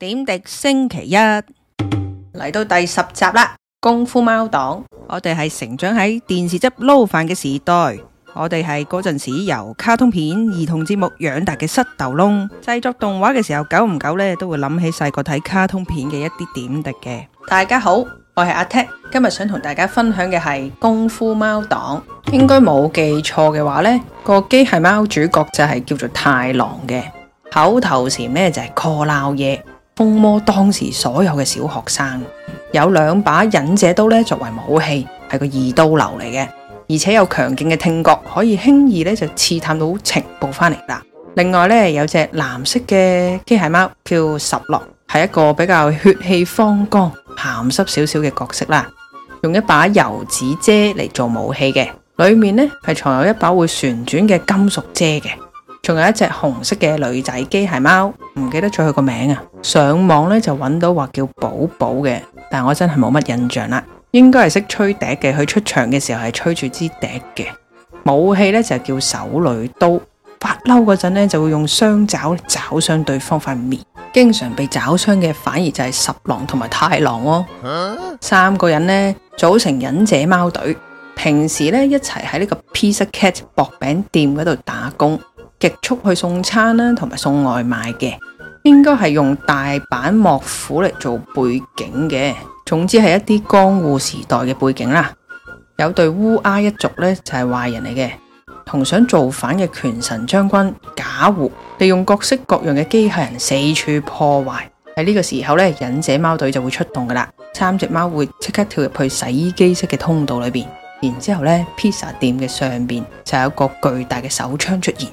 點滴星期一嚟到第十集啦，《功夫貓黨》我哋係成長喺電視汁撈飯嘅時代，我哋係嗰陣時由卡通片而同節、兒童節目養大嘅膝頭窿。製作動畫嘅時候，久唔久呢都會諗起細個睇卡通片嘅一啲點滴嘅。大家好，我係阿 Tek，今日想同大家分享嘅係《功夫貓黨》應該沒有。應該冇記錯嘅話呢，個機械貓主角就係、是、叫做太郎嘅，口頭禪呢，就係 call 鬧嘢。摸當時所有嘅小學生，有兩把忍者刀咧，作為武器，係個二刀流嚟嘅，而且有強勁嘅聽覺，可以輕易咧就刺探到情報翻嚟啦。另外咧，有隻藍色嘅機械貓叫十樂，係一個比較血氣方剛、鹹濕少少嘅角色啦。用一把油紙遮嚟做武器嘅，裏面呢係藏有一把會旋轉嘅金屬遮嘅。仲有一隻紅色嘅女仔機械貓，唔記得咗佢個名啊。上網咧就揾到話叫寶寶嘅，但我真係冇乜印象啦。應該係識吹笛嘅，佢出場嘅時候係吹住支笛嘅。武器咧就叫手雷刀，發嬲嗰陣咧就會用雙爪抓傷對方塊面。經常被抓傷嘅反而就係十郎同埋太郎哦。嗯、三個人呢組成忍者貓隊，平時咧一齊喺呢個 Pizza Cat 薄餅店嗰度打工。極速去送餐啦，同埋送外賣嘅，應該係用大阪幕府嚟做背景嘅。總之係一啲江戶時代嘅背景啦。有對烏鴉一族呢，就係壞人嚟嘅，同想造反嘅權神將軍假戶利用各式各樣嘅機器人四處破壞。喺呢個時候呢，忍者貓隊就會出動噶啦。三隻貓會即刻跳入去洗衣機式嘅通道裏邊，然之後呢，披薩店嘅上邊就有個巨大嘅手槍出現。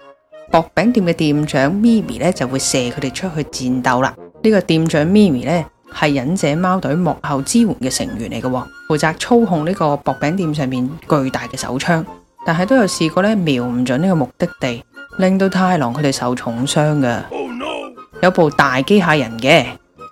薄餅店嘅店長咪咪咧就會射佢哋出去戰鬥啦。呢個店長咪咪咧係忍者貓隊幕後支援嘅成員嚟㗎喎，負責操控呢個薄餅店上面巨大嘅手槍，但係都有試過咧瞄唔準呢個目的地，令到太郎佢哋受重傷嘅。Oh no! 有一部大機械人嘅，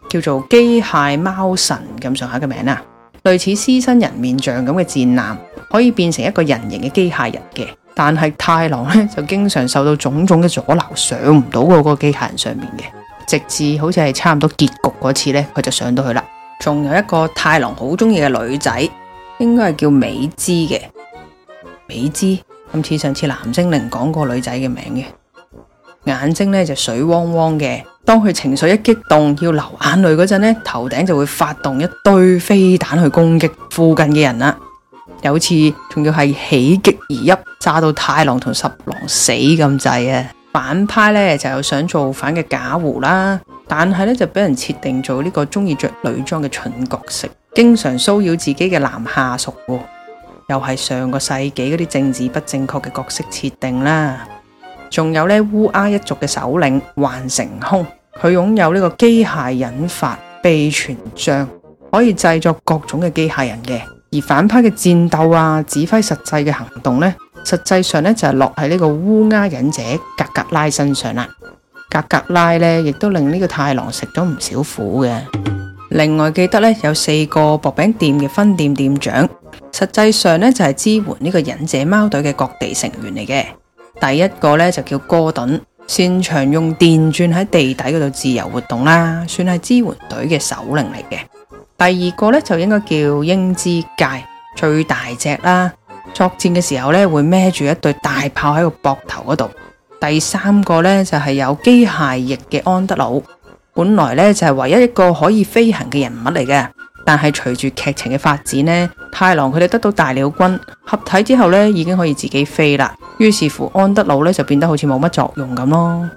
叫做機械貓神咁上下嘅名啊，類似獅身人面像咁嘅戰艦，可以變成一個人形嘅機械人嘅。但係太郎咧就經常受到種種嘅阻撓，上唔到個機械人上面嘅，直至好似係差唔多結局嗰次咧，佢就上到去啦。仲有一個太郎好中意嘅女仔，應該係叫美知嘅。美知，咁似上次藍精靈講過女仔嘅名嘅，眼睛咧就是，水汪汪嘅。當佢情緒一激動要流眼淚嗰陣咧，頭頂就會發動一堆飛彈去攻擊附近嘅人啦。有次仲要係喜極而泣，炸到太郎同十郎死咁滯啊！反派咧就有想造反嘅假狐啦，但係咧就俾人設定做呢個中意着女裝嘅蠢角色，經常騷擾自己嘅男下屬，又係上個世紀嗰啲政治不正確嘅角色設定啦。仲有咧，烏鴉一族嘅首領幻成空，佢擁有呢個機械引發秘傳杖，可以製作各種嘅機械人嘅。而反派嘅戰鬥啊，指揮實際嘅行動呢，實際上呢，就係落喺呢個烏鴉忍者格格拉身上啦。格格拉呢，亦都令呢個太郎食咗唔少苦嘅。另外記得呢，有四個薄餅店嘅分店店長，實際上呢，就係支援呢個忍者貓隊嘅各地成員嚟嘅。第一個呢，就叫哥頓，擅長用電鑽喺地底嗰度自由活動啦，算係支援隊嘅首領嚟嘅。第二個咧，就應該叫英之界，最大隻啦，作戰嘅時候咧，會孭住一對大炮喺個膊頭嗰度。第三個咧，就係有機械翼嘅安德魯，本來咧，就係唯一一個可以飛行嘅人物嚟嘅，但係隨住劇情嘅發展呢，太郎佢哋得到大鳥軍合體之後咧，已經可以自己飛啦，於是乎安德魯咧，就變得好似冇乜作用咁咯。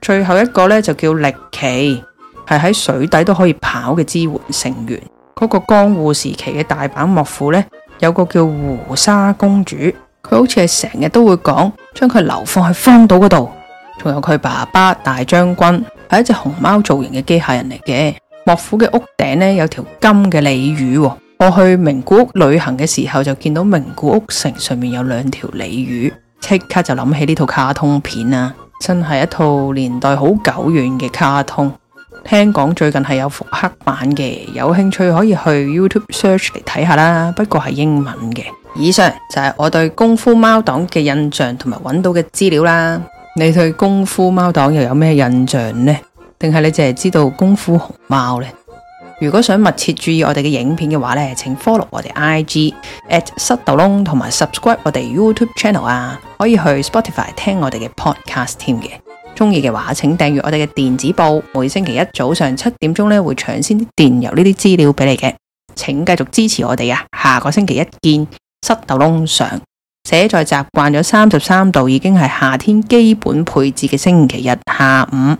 最後一個咧，就叫力奇。係喺水底都可以跑嘅支援成員。嗰個江戶時期嘅大阪幕府呢，有個叫胡沙公主，佢好似係成日都會講將佢流放喺荒島嗰度。仲有佢爸爸大將軍係一隻熊貓造型嘅機械人嚟嘅。幕府嘅屋頂呢，有條金嘅鯉魚。我去名古屋旅行嘅時候就見到名古屋城上面有兩條鯉魚，即刻就諗起呢套卡通片喇，真係一套年代好久遠嘅卡通。聽講最近係有復刻版嘅，有興趣可以去 YouTube search 嚟睇下啦。不過係英文嘅。以上就係我對功夫貓黨嘅印象同埋揾到嘅資料啦。你對功夫貓黨又有咩印象呢？定係你淨係知道功夫熊貓呢？如果想密切注意我哋嘅影片嘅話呢，請 follow 我哋 IG at o n g 同埋 subscribe 我哋 YouTube channel 啊。可以去 Spotify 聽我哋嘅 podcast 添嘅。鍾意嘅話，請訂閱我哋嘅電子報，每星期一早上七點鐘咧會搶先電郵呢啲資料畀你嘅，請繼續支持我哋啊！下個星期一見，濕豆窿上，寫在習慣咗三十三度已經係夏天基本配置嘅星期日下午。